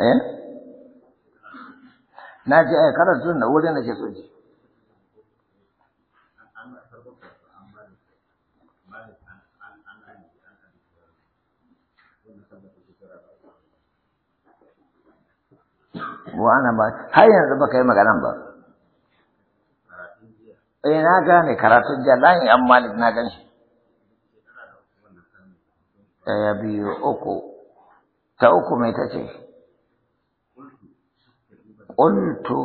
eh na ji a eh, karatu na wurin da ke so ji ana ba har yanzu baka yi maganan ba eh na gane karatun jalani an malik na gan shi ɗaya biyu uku ta uku mai ta ce qultu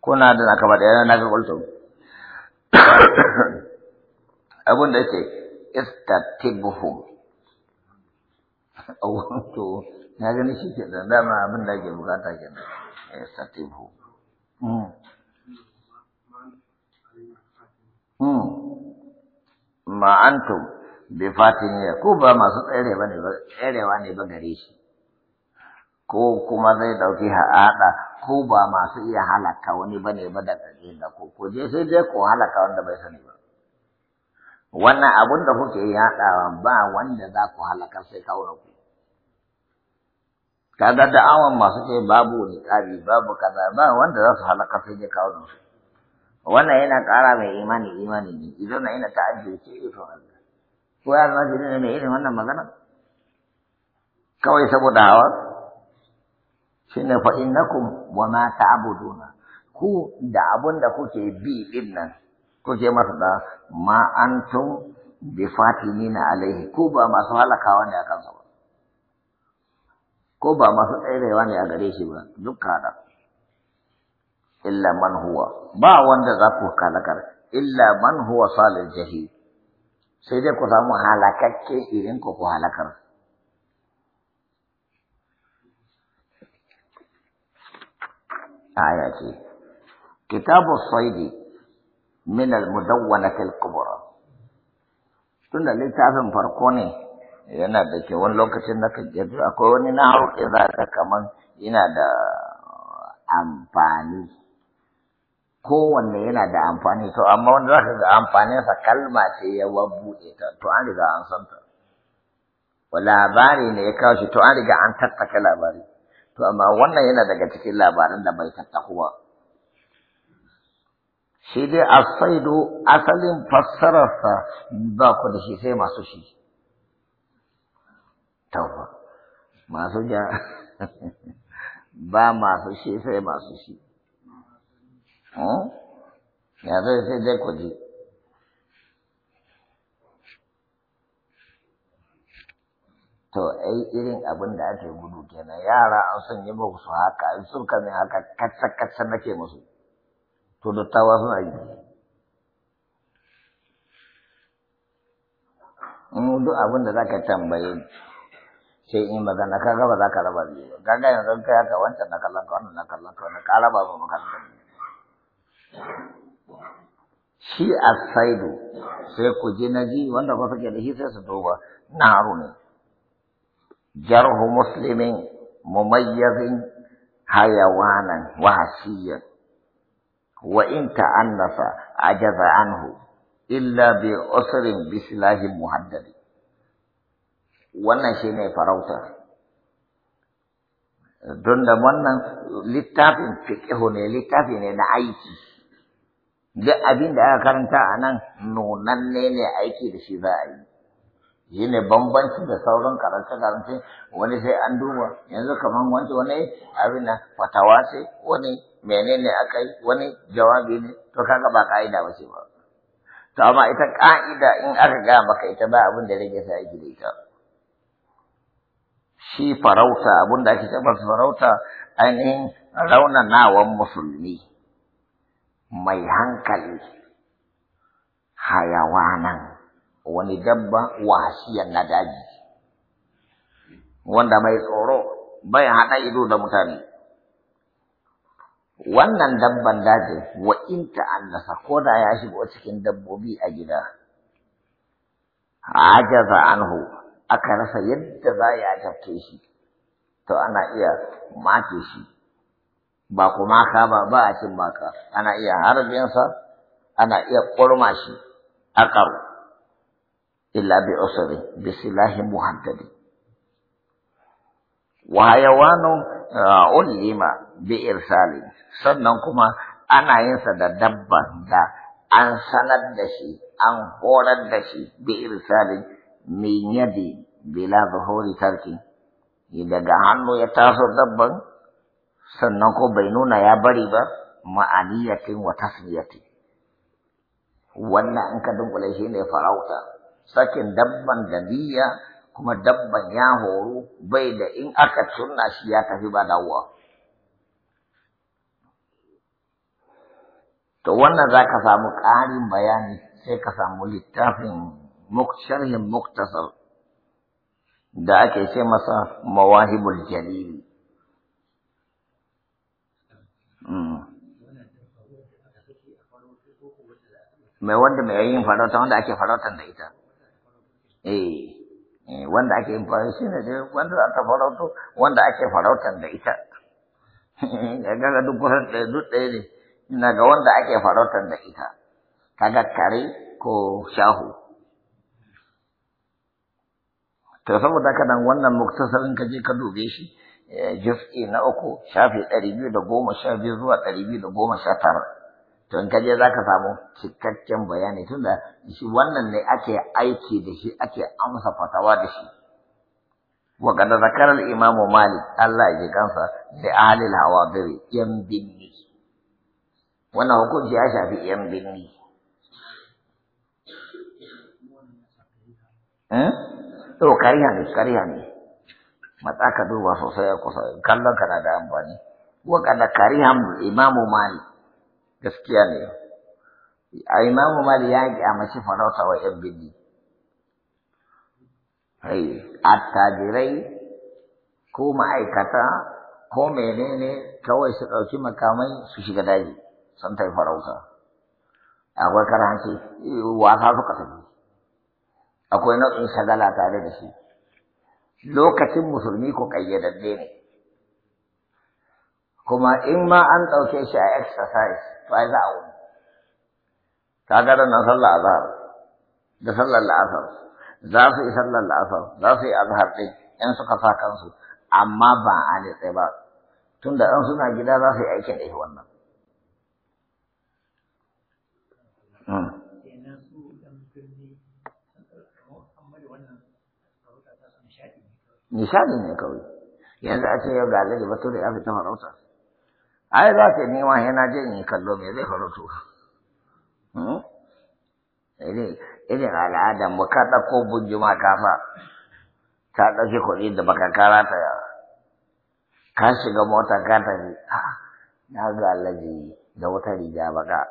kuna da aka bada yana naka qultu abun da yake istatibhum aw to na gani shi ke da dama abin da ake bukata ke da mm mm ma antum ya fatiniya ko ba masu tsarewa ne ba tsarewa ne ba gare shi ko kuma zai ɗauki ha'ada ko ba masu iya halaka wani ba ne ba da ƙarfi da ko ko je sai dai ko halaka wanda bai sani ba wannan abun da kuke yaɗawa ba wanda za ku halaka sai kawo ku kaga da'awan masu ce babu ƙari babu kaza ba wanda za su halaka sai dai kawo su wannan yana ƙara mai imani imani ne idan na yana ta'ajjur ce ito Allah ko ya zama ne mai irin wannan magana kawai saboda hawa shine fa innakum wa ma ta'buduna ku da abun da kuke bi din nan kuke masa da ma antum bi fatinina alaihi ku ba masu halakawa ne a kansa ba ko ba masu tsairewa ne a gare shi ba dukka da illa man huwa ba wanda za ku kalakar illa man huwa salil jahi sai dai ku samu halakakke irin ku ku halakar aya ce kitabu saidi min al-mudawwanati al-kubra tunda littafin farko ne yana da ke wani lokacin da kake ji akwai wani na hauke za ka kaman yana da amfani kowanne yana da amfani to amma wanda za ka ga amfaninsa kalma ce ya wabbuɗe ta to an riga an santa labari ne ya kawo shi to an riga an tattaka labari To amma wannan yana daga cikin labaran da bai tattaku ba. Shi dai asaidu asalin fassararsa ba ku da shi sai masu shi. Tauba, masu ja, ba masu shi sai masu shi. Hmm? Ya zai sai dai ku ji. to ai irin abin da ake gudu kenan yara an yi muku su haka sun kame haka katsa-katsa nake musu to dattawa suna yi in duk abin da zaka tambaye sai in magana ka gaba za ka raba biyu ka ga yanzu kai haka wancan na kallon ka wannan na kallon ka wannan ka raba mu makarantar shi a saidu sai ku je na ji wanda ba suke da shi sai su duba na aro ne جرح مسلم مميز حيوانا وحشيا وإن تأنف عجز عنه إلا بأسر بسلاح مهدد wannan shi ne farauta don da wannan littafin fiƙihu ne littafi ne na aiki duk abin da aka karanta a nan nunanne ne aiki da shi za a yi shi ne bambanci da sauran karance-karance wani sai an duba yanzu kamar wani wani abin na fatawa ce wani menene aka yi wani jawabi ne to kaga ba ka'ida ba ce ba to amma ita ka'ida in aka gaya maka ita ba abin da rage sa aiki da ita shi farauta abin da ake ce farauta ainihin raunanawan musulmi mai hankali hayawanan wani dabba wahashiyan na daji wanda mai tsoro bai haɗa ido da mutane wannan dabban daji wa in annasa ko da ya shigo cikin dabbobi a gida ajaza anhu aka rasa yadda za ya tafke shi to ana iya mace shi ba kuma ka ba ba a cin baka ana iya harbinsa ana iya ƙurma shi a ƙaru إلا بعسر بسلاح مهدد وحيوان علم بإرسال sannan kuma ana yin sa da dabba da an sanar da shi an horar da shi bi irsalin min yadi bila zuhuri tarki daga hannu ya taso dabban sannan ko bai nuna ya bari ba ma'aniyatin wa tasmiyatin wannan an ka dunkule shi ne farauta sakin dabban da kuma dabban ya horo bai da in aka tunna shi ya tafi ba dawowa. To wannan za ka samu ƙarin bayani sai ka samu littafin sharhin muktasar da ake ce masa mawahibul jariri. Mm. Mai wanda mai yin farauta wanda ake farautar da ita. Eh, eh, wanda ake amfani shi ne wanda za ta farauto wanda ake farautar da ita ga duk kusan ɗaya duk ɗaya ne ina ga wanda ake farautar da ita kaga kare ko shahu to saboda haka nan wannan muktasarin ka je ka dube shi eh, jif'i na uku shafi ɗari biyu da goma sha biyu zuwa ɗari biyu da goma sha tara Don kaje za ka samu cikakken bayani tunda shi wannan ne ake aiki da shi ake amsa fatawa da shi. Wa kada zakarar imamu Malik Allah ya kansa da ahalil hawadiri yan binni. Wannan hukunci ya shafi yan binni. Hmm? To kariya ne, kariya ne. Matsa ka duba sosai a kusa, kallon kana da amfani. Wa kada kariya imamu Malik gaskiya ne a imamu mali ya kyamaci farauta wa yan bidi attajirai ko ma'aikata ko menene kawai su ɗauki makamai su shiga daji sun tafi farauta akwai karanci wasa suka tafi akwai nau'in shagala tare da shi lokacin musulmi ko ƙayyadadde ne kuma in ma an ɗauke shi a exercise to ai za a wuni ga da nan sallar azhar da sallar la'asar za su yi sallar la'asar za su yi azhar ɗin in suka sa kansu amma ba a tsaye ba tunda ɗan suna gida za su yi aikin da wannan hmm. Nishadi ne kawai, yanzu a ce yau ga Alhaji Bature ya fita farauta. ai za ka nema yana jin in kallo me zai faru to hmm? irin al'adar mu ka ɗauko bunjuma kafa ta ɗauki kuɗi da baka kara ta ka shiga mota ka tafi ah, na ga alaji da wata riga baka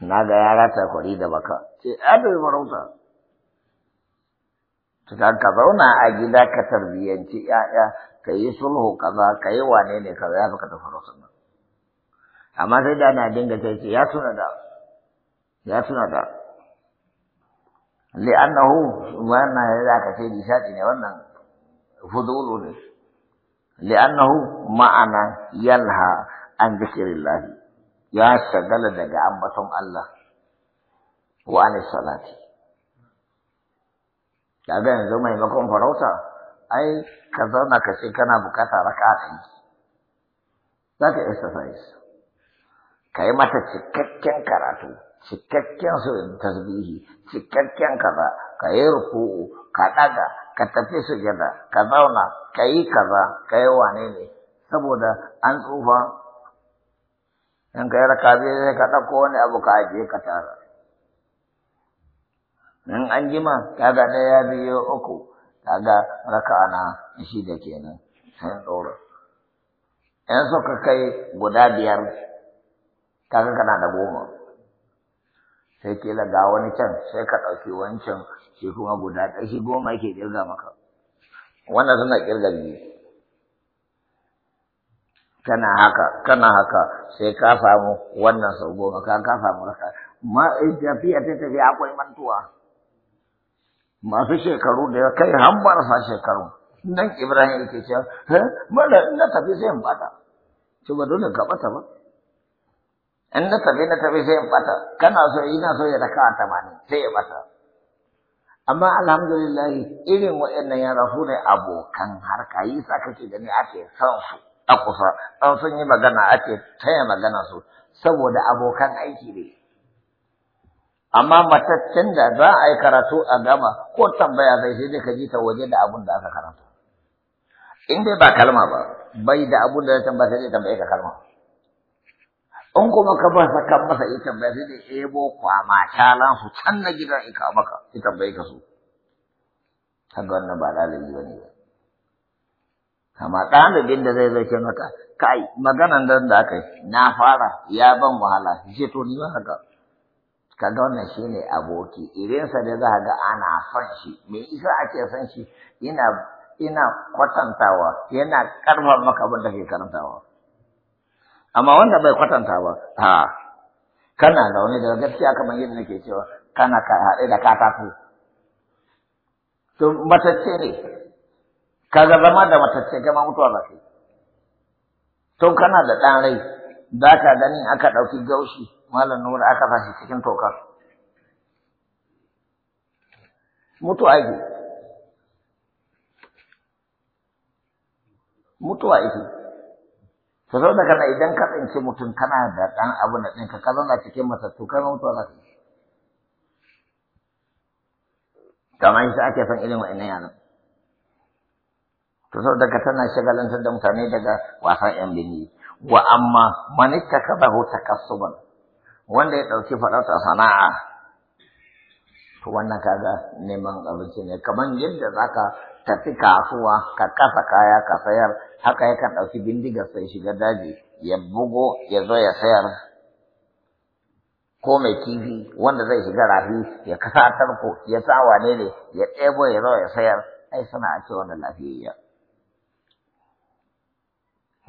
na ga yara ta kuɗi da baka ce ɗauki farauta Ka ka zauna a gida ka tarbiyyanci ‘ya'ya, ka yi sulhu kaza, ka yi wane ne kaza ya ka tafi rasu Amma sai da na dinga ce ya tuna da, ya tuna da. Li'annahu wannan ya za ka ce nishaɗi ne wannan fudulu ne. annahu ma'ana yalha an zikirillahi ya shagala daga ambaton Allah wa salati. kaga yanzu maimakon farauta ai ka zauna ka ce kana bukata raka ɗari za ka exercise ka yi mata cikakken karatu cikakken su tasbihi cikakken kaza ka yi ruku'u ka ɗaga ka tafi su sujada ka zauna ka yi kaza ka yi wane ne saboda an tsufa in ka yi raka biyu sai ka ɗauko wani abu ka ajiye ka tara in an jima kaga ɗaya biyu uku kaga raka na shida kenan sun ɗora in suka kai guda biyar kaga kana da goma sai ke ga wani can sai ka ɗauki wancan shi kuma guda ɗaya shi goma yake ƙirga maka wannan suna kirga biyu kana haka kana haka sai ka samu wannan sau goma ka ka samu raka ma tafiya ta tafiya akwai mantuwa masu shekaru da ya kai har marasa shekaru nan ibrahim yake cewa mara na tafi sai in bata to ba dole ka bata ba in na tafi na tafi sai in bata kana so ina so ya raka a tamanin sai ya bata amma alhamdulillah irin wa'annan ya rafu ne abokan harka yi sa kake gani ake son su a kusa an sun yi magana ake taya magana su saboda abokan aiki ne amma mataccen da za a yi karatu a gama ko tambaya zai sai dai ka ji ta waje da abun da aka karanta in dai ba kalma ba bai da abun da ya tambaya sai dai tambaye ka kalma in kuma ka ba sa kan masa ita tambaya sai dai ebo kwama talan su can na gida in ka maka ita tambaye ka su kaga wannan ba lalabi bane ba amma ɗalibin da zai zai ce maka kai maganan nan da aka yi na fara ya ban wahala shi to ni ba haka kaga wannan shine aboki irinsa da za ga ana son shi me isa ake son shi ina ina kwatantawa yana karfa maka abin da ke karantawa amma wanda bai kwatantawa ha kana zaune da gaskiya kamar yadda nake cewa kana ka haɗe da tafi to matacce ne kaga zama da matacce kamar mutuwa ba kai to kana da ɗan rai za ka gani aka ɗauki gaushi malam nuna aka fashi cikin toka mutu ake mutuwa ake ta zo da kana idan ka tsinci mutum kana da ɗan abu na ɗinka ka zauna cikin matattu kai mutuwa za ka yi kamar shi ake son irin wa'annan yaran Ta zo daga tana shagalantar da mutane daga wasan yan bini wa amma man ittakabahu takassuban wanda ya ɗauki faɗarsa sana'a to wannan kaga neman abinci ne kamar yadda zaka tafi kasuwa ka kasa kaya ka sayar haka ya kan ɗauki bindigar sai shiga daji ya bugo ya zo ya sayar ko mai kifi wanda zai shiga rafi ya kasa tarko ya sa wane ne ya ɗebo ya zo ya sayar ai sana'a ce wannan lafiyayya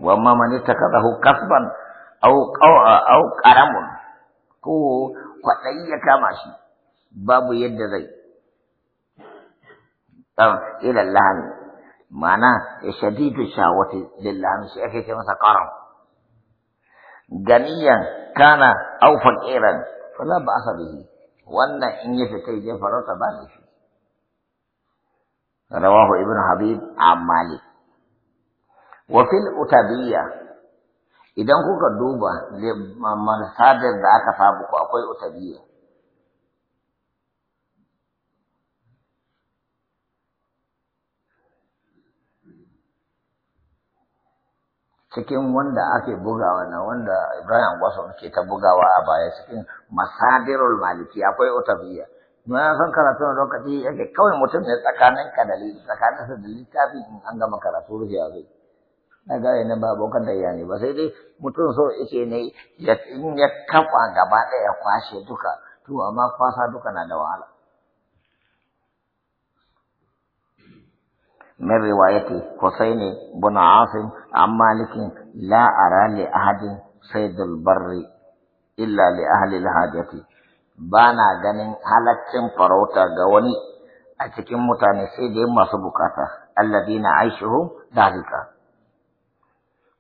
wa man takarahu kasban aw aw qaramun ko kwaɗayi ya kama shi babu yadda zai ɗan ila lahani ma'ana ya shadidu shawati lillahi shi ake ce masa ƙaram ganiyan kana aufan faqiran fala ba'sa bihi wannan in ya fita je farauta ba ne shi rawahu ibn habib a malik wa fil utabiyya idan kuka duba masadar da aka sabu ku akwai utabiya cikin wanda ake bugawa na wanda Ibrahim gwasa ke ta bugawa a baya cikin masadirul maliki akwai utabiya na san karatu na lokaci yake kawai mutum ne tsakanin ka da tsakanin da littafi in an gama karatu rufe zai na gane nan ba abokan tarayya ne ba sai dai mutum so yake ne in ya kafa gaba ɗaya ya kwashe duka to amma kwasa duka na da wahala من رواية حسين ne عاصم عن مالك لا أرى لأحد صيد البر إلا لأهل Ba na ganin halaccin farauta ga wani a cikin mutane sai dai masu bukata alladina aishuhum dalika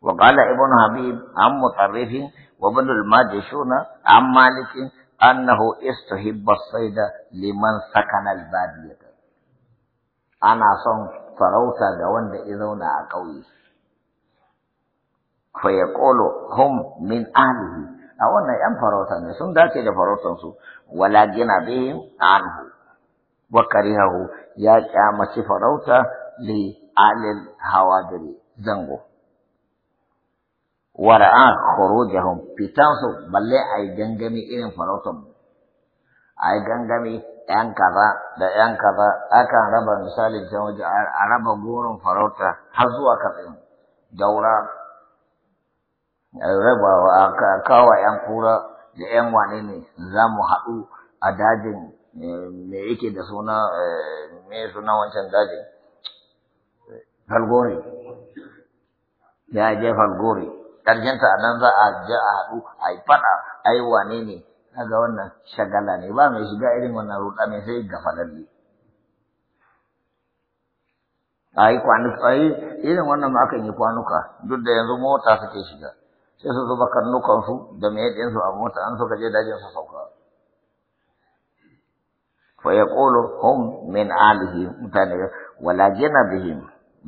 وقال ابن حبيب عن مطرفي وابن الماجشون عن مالك أنه استحب الصيد لمن سكن البادية أنا صن فروتا جوان إذونا أقوي فيقول هم من أهله أو أن يم فروتا سن داتي لفروتا ولا جنا بهم عنه وكرهه يا كام فروتا لآل الهوادر زنغو wara'a khurujahum su balle yi gangami irin farautan yi gangami yan kaza da yan kaza akan raba misali ta waje a raba goron farauta har zuwa katsin daura raba kawa yan kura da yan wane ne za mu haɗu a dajin eh, me yake da suna eh, me suna wancan dajin falgore ya je falgore ƙarshenta a nan za a je a haɗu a yi faɗa a yi wane ne ga wannan shagala ne ba mai shiga irin wannan ruɗa mai sai gafalalle a yi kwanuka a irin wannan ma akan yi kwanuka duk da yanzu mota suke shiga sai su zuba karnukansu da mai ɗinsu a mota an suka je dajin su sauka فيقول هم من آله متنبه ولا جنبهم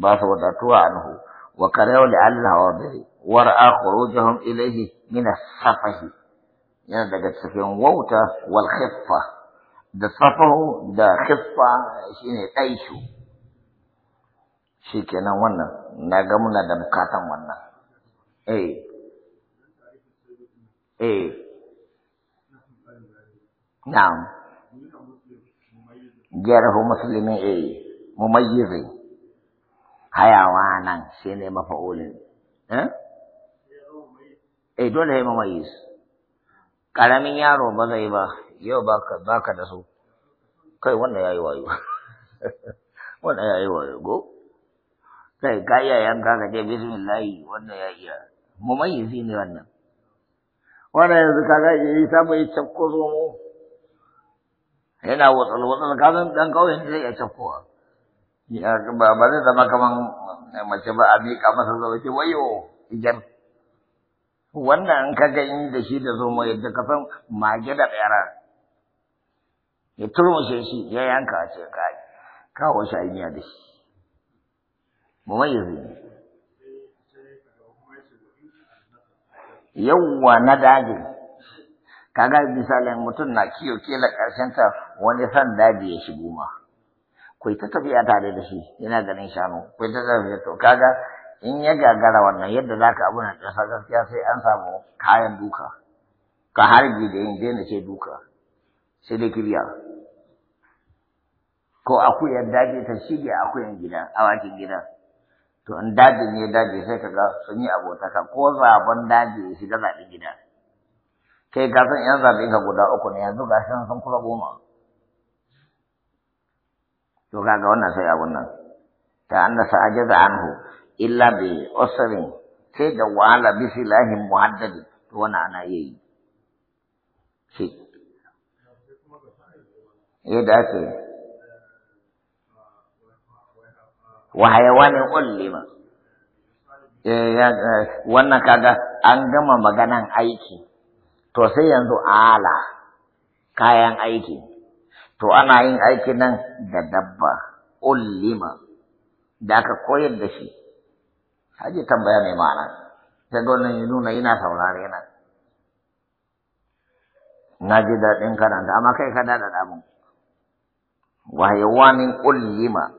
بس wa karewa وكرهوا لعل bihim ورأى خروجهم إليه safahi, yana daga cikin wauta wal khiffa da safahu da khiffa shine ɗaishu shi kenan wannan na ga muna da bukatan wannan eh eh na'am jarahu muslimin eh mumayyizi hayawanan shine mafa'ulin eh eh dole ya mamaye su ƙaramin yaro ba zai ba yau ba ka da su kai wannan ya yi wayo wannan ya yi wayo go kai ka iya yanka ka ce bismillahi wannan ya iya mumayyizi ne wannan wannan yanzu kaga yi samun ya cafko zo mu yana watsal watsal ka san dan kauyen ya iya cafkowa ba zai zama kaman mace ba a miƙa masa zaune ke wayo wannan ka ga in da shi da zo mai yadda ka san mage da tsara ya turmushe shi ya yanka a ce kai kawo shi ainiya da shi mu mai yanzu yawwa na dage kaga misalin mutum na kiyo kela karshen ta wani san dadi ya shigo ma kai ta tafiya tare da shi yana ganin shanu kai ta tafiya to kaga in ya gagara wannan yadda za ka na ƙasa gaskiya sai an samu kayan duka ka harbi da yin daina ce duka sai dai kirya ko akuyar daji ta shige akuyan gida awakin gida to in daji ne daji sai ka ga sun yi abotaka ko zaben daji ya shiga zaɓi gida kai ka san yan zaɓen ka guda uku ne yanzu ga shi sun kusa goma to kaga wannan sai abun nan ta annasa ajaza anhu illa bi usrin sai da wahala bi silahin muhaddadi to wannan ana iya yi shi ya dace wa hayawanin ullima eh, wannan kaga an gama maganan aiki to sai yanzu ala kayan aiki to ana yin aiki nan da dabba ullima da aka koyar da shi haji tambaya mai ma'ana sai gwamnan ya nuna yana saurare yana na ji daɗin karanta amma kai ka daɗa damun wahayawanin ulima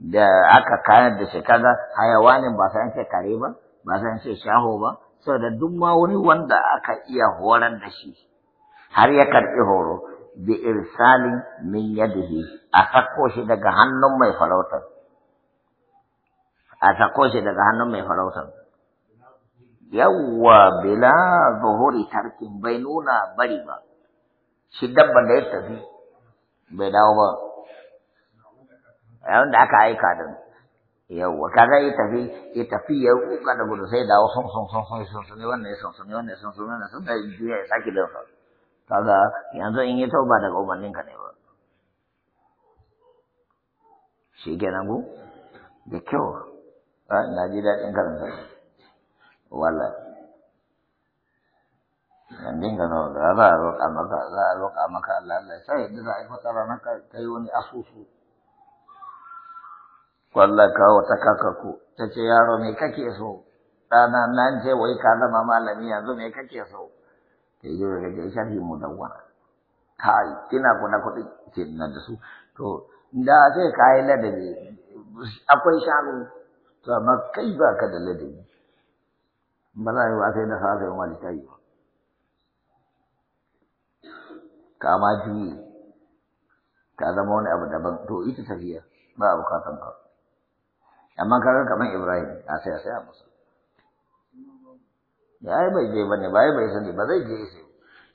da aka kayan da shi kaga hayawanin ba sa ce kare ba ba sa ce shaho ba saboda duk ma wani wanda aka iya horar da shi har ya karɓi horo bi irsalin min yadihi a sako shi daga hannun mai farautar a sako shi daga hannun mai farautar yawwa bila zuhuri tarkin bai nuna bari ba shi dabban da ya tafi bai dawo ba yawon da aka aika din yawwa ka zai tafi ya tafi ya kuka da gudu sai dawo sun sun sun sun sun sun wannan ya sun sun wannan ya sun sun wannan sun sun sun ya saki da sun. kaga yanzu in yi tauba daga umarnin ka ne ba shi kenan ku da kyau na ji daɗin karanta wala nan dinga no da za a maka za a roƙa maka Allah Allah sai yadda za a yi fata ranar wani asusu ah, wallahi kawo ta kakaku ta ce yaro me kake so ɗana nan ce wai ka zama malami yanzu kake so ke yi da kake kai kina kuna kuɗi ce na da su to da sai kayi ladabi akwai shago to amma kai ba ka da ladabi ba za a yi wa sai na sa yin wani tayi ba kama juyi ka zama wani abu daban to ita tafiya ba abu ka ba. amma ga kamar Ibrahim a sai a sai a musu ya yi bai je ba ne? ba yi bai sani ba zai je sai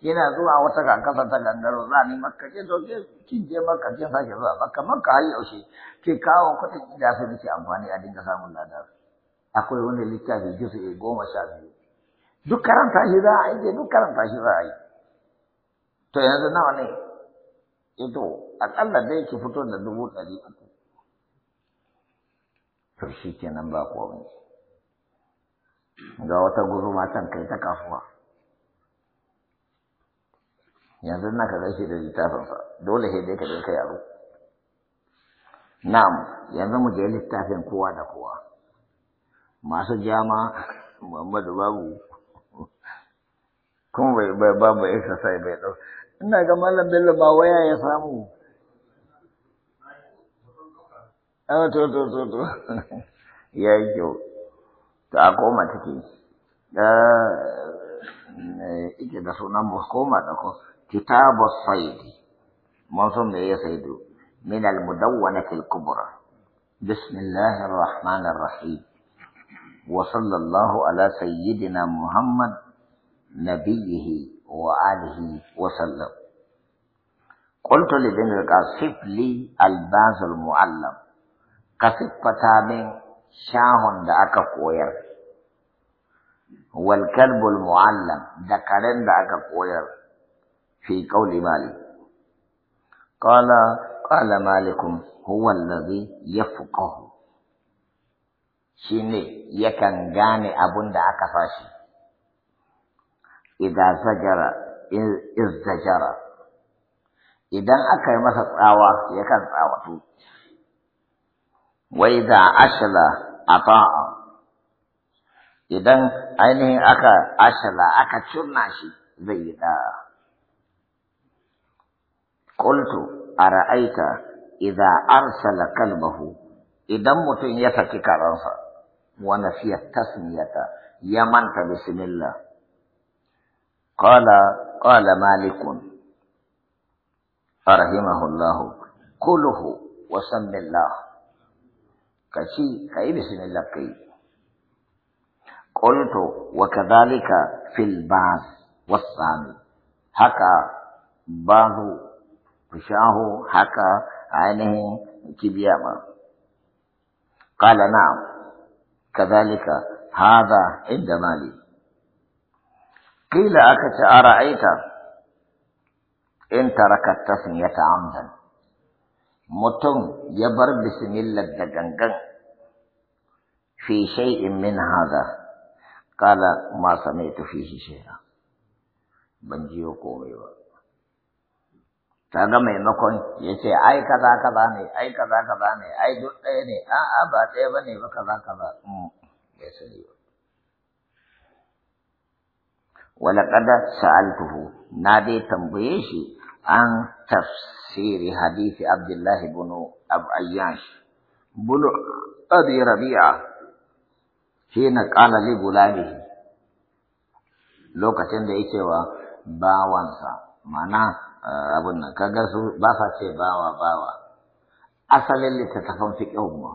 yana zuwa wata kankasa ta gangaro za ni makka ke zo ke kin je makka ke sake zuwa makka makka har yaushe ke kawo kuɗin da su nake amfani a dinga samun lada akwai wani littafi e goma sha biyu duk karanta shi za a yi duk karanta shi za a yi to yanzu nawa ne ito eh aƙalla dai ki fito da dubu ɗari uku to shi kenan ba komai ga wata guzuma can kai ta kasuwa yanzu na ka gaishe da fa, dole sai dai ka je ka yaro na'am yanzu mu je littafin kowa da kowa masu jama muhammadu babu kuma bai bai babu exercise bai dau ina ga malam bello ba waya ya samu a ah, to to to to ya yi kyau ta koma take da ah, eh, ike da sunan mu koma da ko كتاب الصيد معظم إيه يا سيد من المدونة الكبرى بسم الله الرحمن الرحيم وصلى الله على سيدنا محمد نبيه وآله وسلم قلت لابن القاسم لي الباز المعلم كصفة من شاه دعك كوير والكلب المعلم ذكرن دعك كوير في قول مالك قال قال مالك هو الذي يفقه شيني يكن غاني ابن دا اكفاشي اذا زجر اذ زجر اذا اكل مسا تساوى يكن تساوى واذا أشل اطاع اذا أين اكل أشل اكل شرناشي زي ده قلت أرأيت إذا أرسل كلبه إذا متن يفكي كرنسا ونسي التسمية يمنت بسم الله قال قال مالك رحمه الله قله وسم الله كشي كي بسم الله كي قلت وكذلك في الباس والثاني هكا بعض فشاه حكى عينه كبيما قال نعم كذلك هذا عند مالي قيل أكت أرأيت إن ترك التسمية عمدا متم يبر بسم الله في شيء من هذا قال ما سمعت فيه شيئا بنجيو قومي وقال. ta ga maimakon ya ce ai kaza ne ai kaza ne ai duk ɗaya ne a a ba ɗaya ba ne ba kaza kaza um mm, ya sani ba wala na dai tambaye shi an tafsiri hadisi abdullahi ibn abayyash bulu abi rabi'a shi na kala li lokacin da yake wa bawansa mana eh, abun nan kaga su ba sa ce bawa bawa asalin littattafan fiqhun ma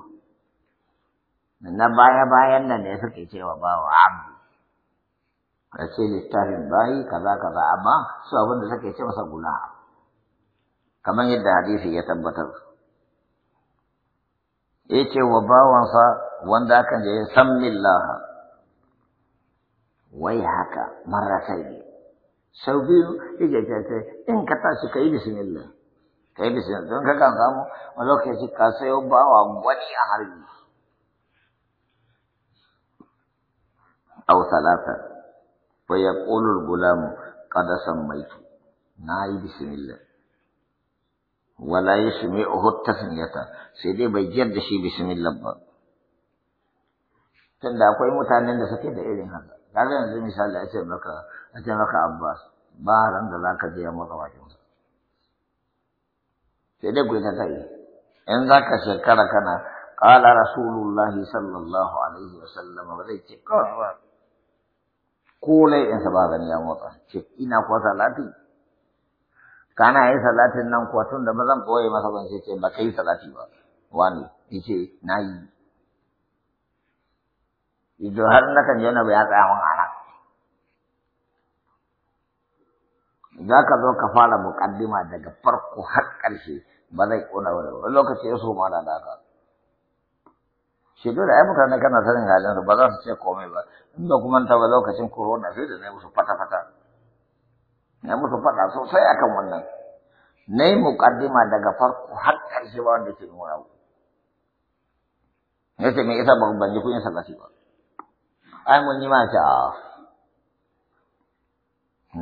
na baya bayan nan ne suke cewa bawa abu. ka ce littafin bayi kaza kaza amma su abin da suke ce masa guna kamar yadda hadisi ya tabbatar ya ce wa bawansa wanda aka je san millaha wai haka marasai ne sau biyu yake ce in ka tashi ka yi bismillah ka yi bismillah don ka kan samu a lokaci ka sayo bawa wani a harbi au salata fa yaqulu al-gulam qad sammaytu na yi bisimila. wala yasmi'uhu at-tasmiyata sai dai bai jiyar da shi bismillah ba tunda akwai mutanen da suke da irin haka kaga yanzu misali ake maka a maka Abbas ba ran da zaka je yamma wajen. sai dai gwe ta yi in zaka shekara kana qala rasulullahi sallallahu alaihi wasallam ba zai ce kawai ba ko ne in sa ba gani ya motsa ce ina ko salati kana yi salatin nan ko tun da ba zan koye masa ban ce ba kai salati ba wani yace nayi idan har na kan jana ya tsaya min a za ka zo ka fara muƙaddima daga farko har ƙarshe ba zai ƙona wani wani lokaci ya so ma da haka shi dole ai mutane kana sanin halin ba za su ce komai ba in da kuma ta ba lokacin korona sai da na musu fata-fata na musu fata sosai kan wannan na yi muƙaddima daga farko har ƙarshe ba wanda ke nuna ku ya ce me yasa ban ji kun yi salati ba ai mun yi mata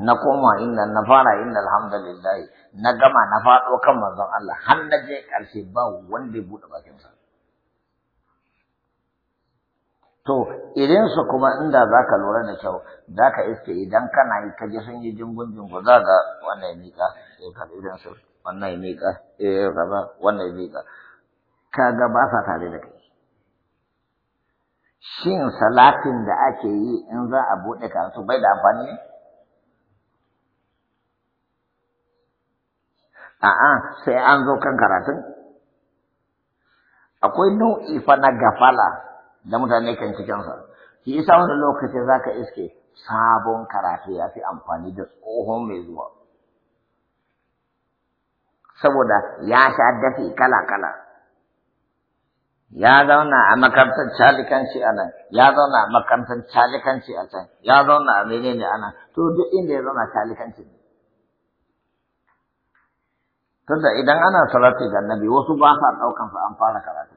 na koma inda na fara inda alhamdulillah na gama na faɗo kan manzon Allah har na je ƙarshe ba wanda ya buɗe bakinsa to irin su kuma inda zaka lura da kyau zaka iske idan kana yi kaje sun yi jingun jingun za ga wannan ya miƙa sai eh, ka irin su wannan ya miƙa eh kaza wannan ya miƙa kaga ba sa tare da kai shin salatin da ake yi in za a buɗe kansu bai da amfani ne? A'a sai an zo kan karatun. Akwai nau'i fa na gafala da mutane kan cikinsa. Shi isa wani lokaci za ka iske sabon karatu ya fi amfani da tsohon mai zuwa. Saboda ya sha dafi kala-kala. ya zauna a makarantar calikanci a nan, ya zauna a makarantar calikanci a can, ya zauna a menene a nan, to duk inda ya zauna calikanci ne. Tunda idan ana salatu ga annabi wasu ba sa ɗaukan sa an fara karatu.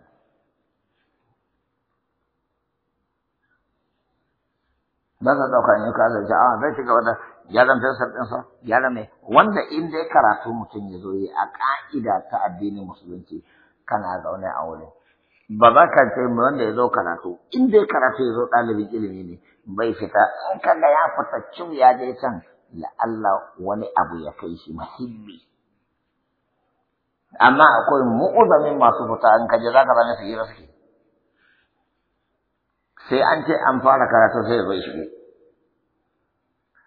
Ba sa ɗaukan yi kaza ce, a ah, zai shiga wata gyaran fensar ɗinsa, gyara mai, wanda in dai karatu mutum ya zo yi a ƙa'ida ta addinin musulunci kana zaune a wurin. ba za ka ce mu wanda ya zo karatu in dai karatu ya zo ɗalibin ilimi ne bai fita in ga ya fita cin ya je can Allah wani abu ya kai shi muhimmi amma akwai mu'uzamin masu fita in kaje za ka zane su hira suke sai an ce an fara karatu sai zai zo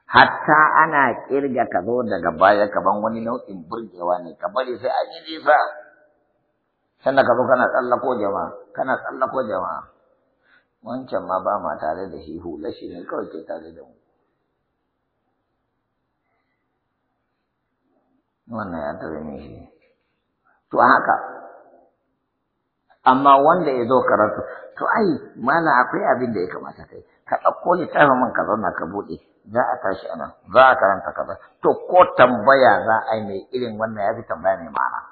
hatta ana kirga ka zo daga baya kaban wani nau'in burgewa ne ka bari sai an yi nisa sannan ka zo kana tsallako jama'a kana tsallako jama'a wancan ma ba ma tare da shi hula shi ne kawai ke tare da mu wannan ya tare ne shi to haka amma wanda ya zo karatu to ai mana akwai abin da ya kamata kai ka ɗauko littafin man ka zauna ka buɗe za a tashi ana za a karanta kaza to ko tambaya za a yi mai irin wannan ya fi tambaya mai ma'ana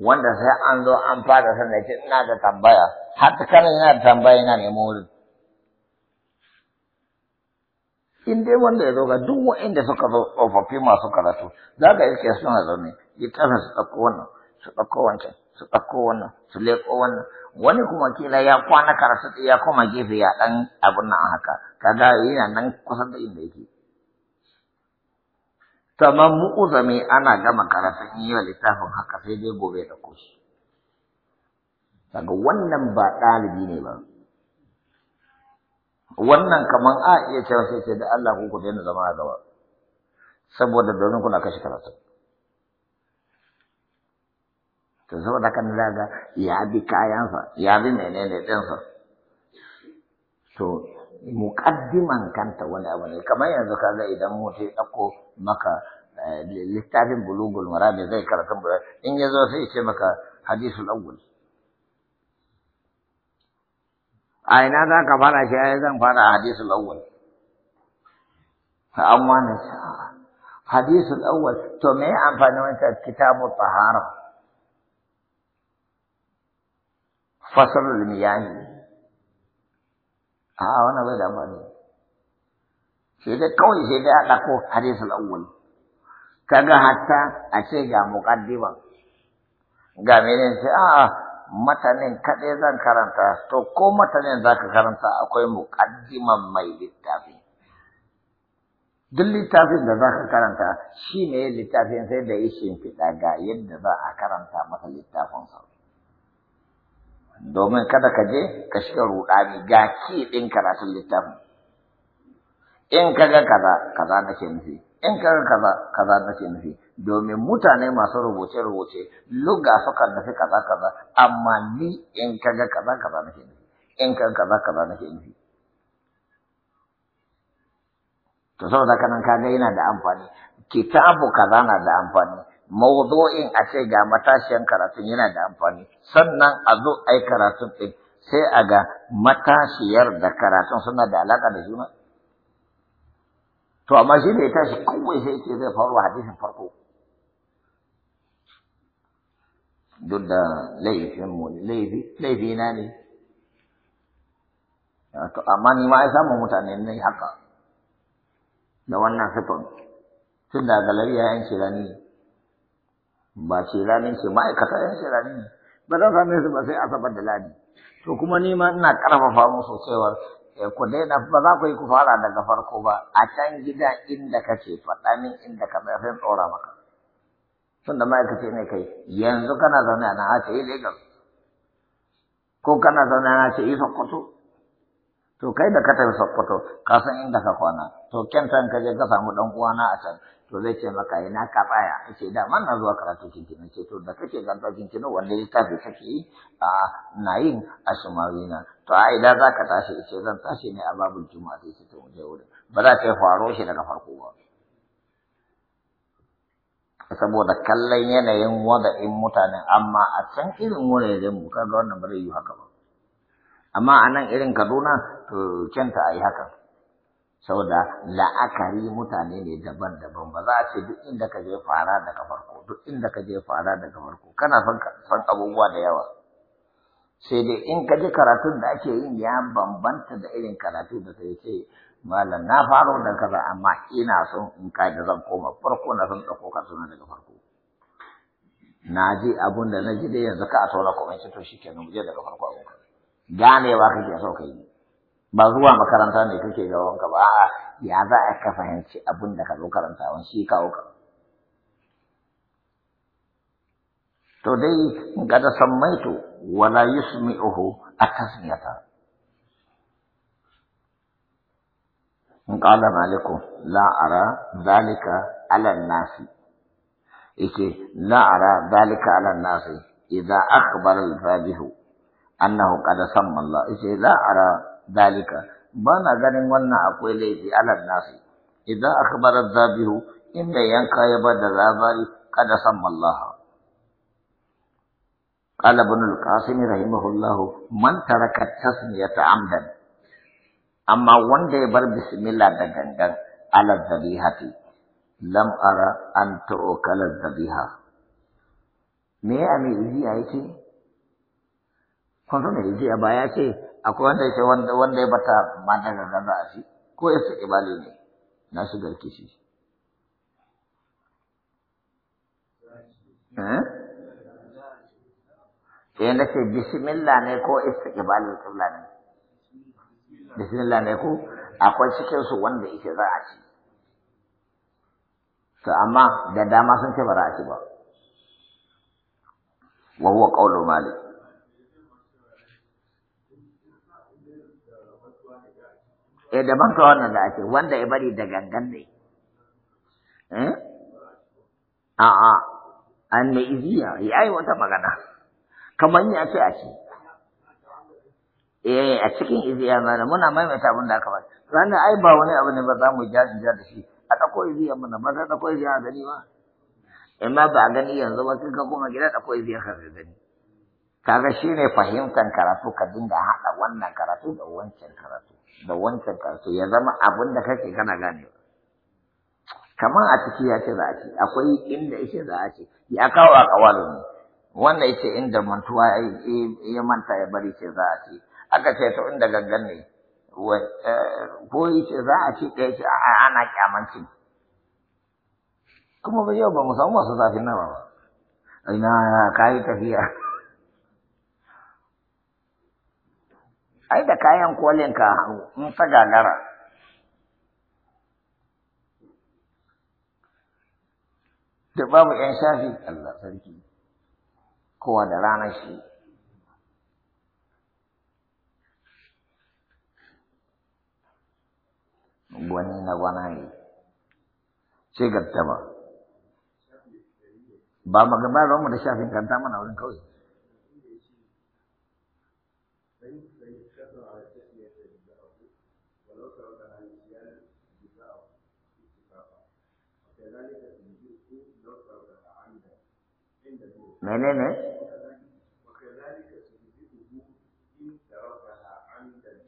wanda sai an zo an fara sanda ce ina da tambaya har ta kana yana da tambaya yana nemo wurin in dai wanda ya zo ga duk wa'inda suka zo tsofaffi masu karatu za ka iske suna zaune tasa su ɗauko wannan su ɗauko wancan su ɗauko wannan su leƙo wannan wani kuma kila ya kwana karatu ya koma gefe ya ɗan abin nan haka kaga yana nan kusan da inda yake Saman mu'uzami ana gama karatun yi wa littafin haka sai dai gobe da kushi. Daga wannan ba ɗalibi ne ba. Wannan kamar a iya cewa sai ce da Allah ku ku daina zama a gaba. Saboda domin kuna kashe karatu. To saboda kan ga ya bi kayansa, ya bi menene ɗinsa. To muƙaddiman kanta wani abu ne kamar yanzu kaga idan mutum ya ɗauko maka littafin bulugul marami zai karatun bulugul in ya zo sai ce maka hadisul awwal a ina za ka fara shi ai zan fara a hadisul awwal an wani hadisul awwal to me amfani wancan kitabu tahara fasalul miyani a wannan bai da amfani sai dai kawai sai dai a ɗako hadisul awwal kaga hatta a ce ga muqaddima ga ne sai a matanin kaɗai zan karanta, to ko matanin zaka ka karanta akwai muƙaddiman mai littafi. Duk littafin da zaka karanta shi ne littafin sai da ya shimfiɗa ga yadda za a karanta masa littafin littafinsa. domin kada ka je ka shiga rudani ga ki ɗin karatun littafin in ka ga kaza kaza nake nufi in ka ga kaza kaza nake nufi domin mutane masu rubuce-rubuce lugga sukan nufi kaza kaza amma ni in ka ga kaza kaza nake nufi in ka ga kaza kaza nake nufi to saboda kanan kaga yana da amfani kitabu kaza na da amfani mawdu'in a ce ga matashiyan karatun yana da amfani sannan a zo a yi karatun ɗin sai a ga matashiyar da karatun suna da alaƙa da juna to amma shi ne ya tashi kawai sai ce zai faru hadisin farko duk da laifin mu laifi laifi na ne to amma ni ma ai samun mutane ne haka da wannan sifan tun da galariya yan shirani ba shelanin ce ma'aikata yan shelani ne ba zan same su ba sai asabar da ladi to kuma ni ma ina karfafa musu cewar eh, ku daina ba za ku yi ku fara daga farko ba a can gida inda kace faɗa min inda ka bai sai tsora maka tunda ma'aikaci ne kai yanzu kana zaune a nan a ce yi eh, Lagos ko kana zaune a nan a ce yi eh, Sokoto to kai da ka tafi Sokoto ka san inda ka kwana to kyan ka je ka samu dan uwana a can to zai ce maka yi na ka tsaya ce da man na zuwa karatu kinkin ce to da kake zanta kinkin wanda littafi kake yi a na yin na. to a idan za ka tashi ce zan tashi ne a babu juma'a zai ce to je wurin ba za ka yi faro shi daga farko ba saboda kallon yanayin in mutanen amma a can irin zai mu kaga wannan ba yi haka ba amma a nan irin kaduna to kyanta a yi haka saboda la'akari mutane ne daban-daban ba za a ce duk inda ka je fara daga farko duk inda ka je fara daga farko kana son abubuwa da yawa sai dai in ka ji karatun da ake yin ya bambanta da irin karatu da ta ce malam na faro da kaza amma ina son in ka da zan koma farko na son ɗauko suna daga farko na ji abun da na ji dai yanzu ka a saura komai to shi kenan mu daga farko abun ganewa kake so ka yi ba zuwa makaranta ne kake gaban ka ba a'a ya za a ka fahimci abin da ka zo karanta karantawan shi kawo ka to dai kada sammaitu wala yusmi'uhu atasmiyata قال مالك لا أرى ذلك على الناس إيه لا أرى ذلك على idza إذا al-fadihu annahu qad samma allah إيه la ara dalika bana ganin wannan akwai laifi alal nasi idan akhbara zabihu inda yanka ya bada labari kada samma Allah قال ابن القاسم رحمه الله من ترك التسمية عمدا أما وند يبر بسم الله دغندن على الذبيحة لم أرى أن تؤكل الذبيحة me ya mai izi a kwanu ne yaje ba ya ce akwai wanda ya ce wanda ya bata mata da gaza a ci ko ya su bali ne na shi garke shi eh na ce bismillah ne ko istiqbalul qibla ne bismillah ne ko akwai cikin su wanda yake za a ci to amma da dama sun ce ba za a ci ba wa huwa qawlu malik eh daban ka wannan da ake wanda ya bari da gangan ne eh a'a an mai iziya ya yi wata magana kamar ya ce a ce eh a cikin iziya mana muna maimaita abin da aka faɗi ranar ai ba wani abu ne ba za mu ja ja da shi a dako iziya mana ba za dako iziya a gani ba in ma ba a gani yanzu ba sai ka koma gida dako iziya ka gani kaga shine fahimtar karatu ka dinga haɗa wannan karatu da wancan karatu da wancan karatu ya zama abin da kake kana gane. kamar a ciki ya ce za a ce akwai inda ce za a ce ya kawo a kawalin ne wannan ce inda mantuwa ya manta ya bari ce za a ce aka ce ta inda gangan ne eh, ko yace za a ce ya ce ana kyamancin kuma ba yau ba mu samu masu zafin nawa ba ina ka yi tafiya ai da kayan kolin ka hau in faga lara da babu yan shafi Allah sarki kowa da ranar shi wani na gwana ne sai gattaba ba magana ba mu da shafin kanta mana wurin kawai menene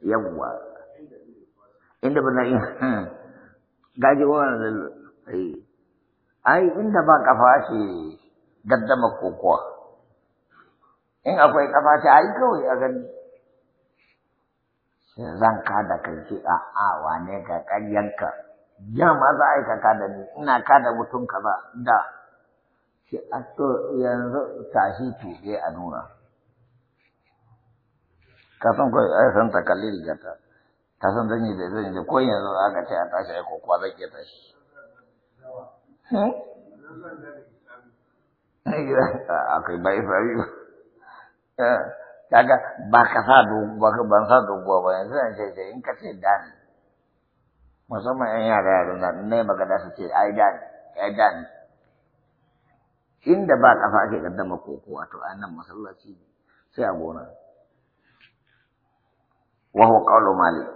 yawwa inda ba na gaji wannan ai inda ba kafa ce daddama kokowa in akwai kafa ce ai kawai a gani zan kada kai ce a a wane ka karyanka ma za a yi ka da ni ina kada mutum kaza da ce a yanzu tashi tuge a nuna ka san ko ai san ta kalli rigata ka san zan da zan da ko yanzu aka ce a tashi ai ko kwa zai ke tashi hmm? akai bai fari ba eh, kaga ba ka sa doguwa ka ban sa doguwa ba yanzu an ce in ka ce dani musamman yan yara yaro na ne magana su ce ai dani ai dani inda ba kafa ake kaddama koko wato a nan masallaci ne sai a gona wa huwa qawlu malik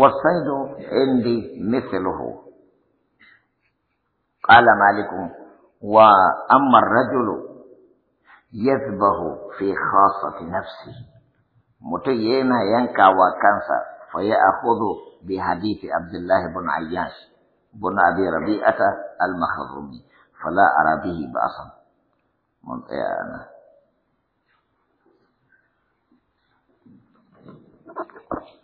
wa saydu indi mithluhu qala malik wa amma ar-rajulu yadhbahu fi khassati nafsi mutum yana yankawa kansa fa ya akhudhu bi hadithi abdullah ibn ayyash ibn abi rabi'ah al mahrumi fala arabihi ba san mun tsaya ana Thank you.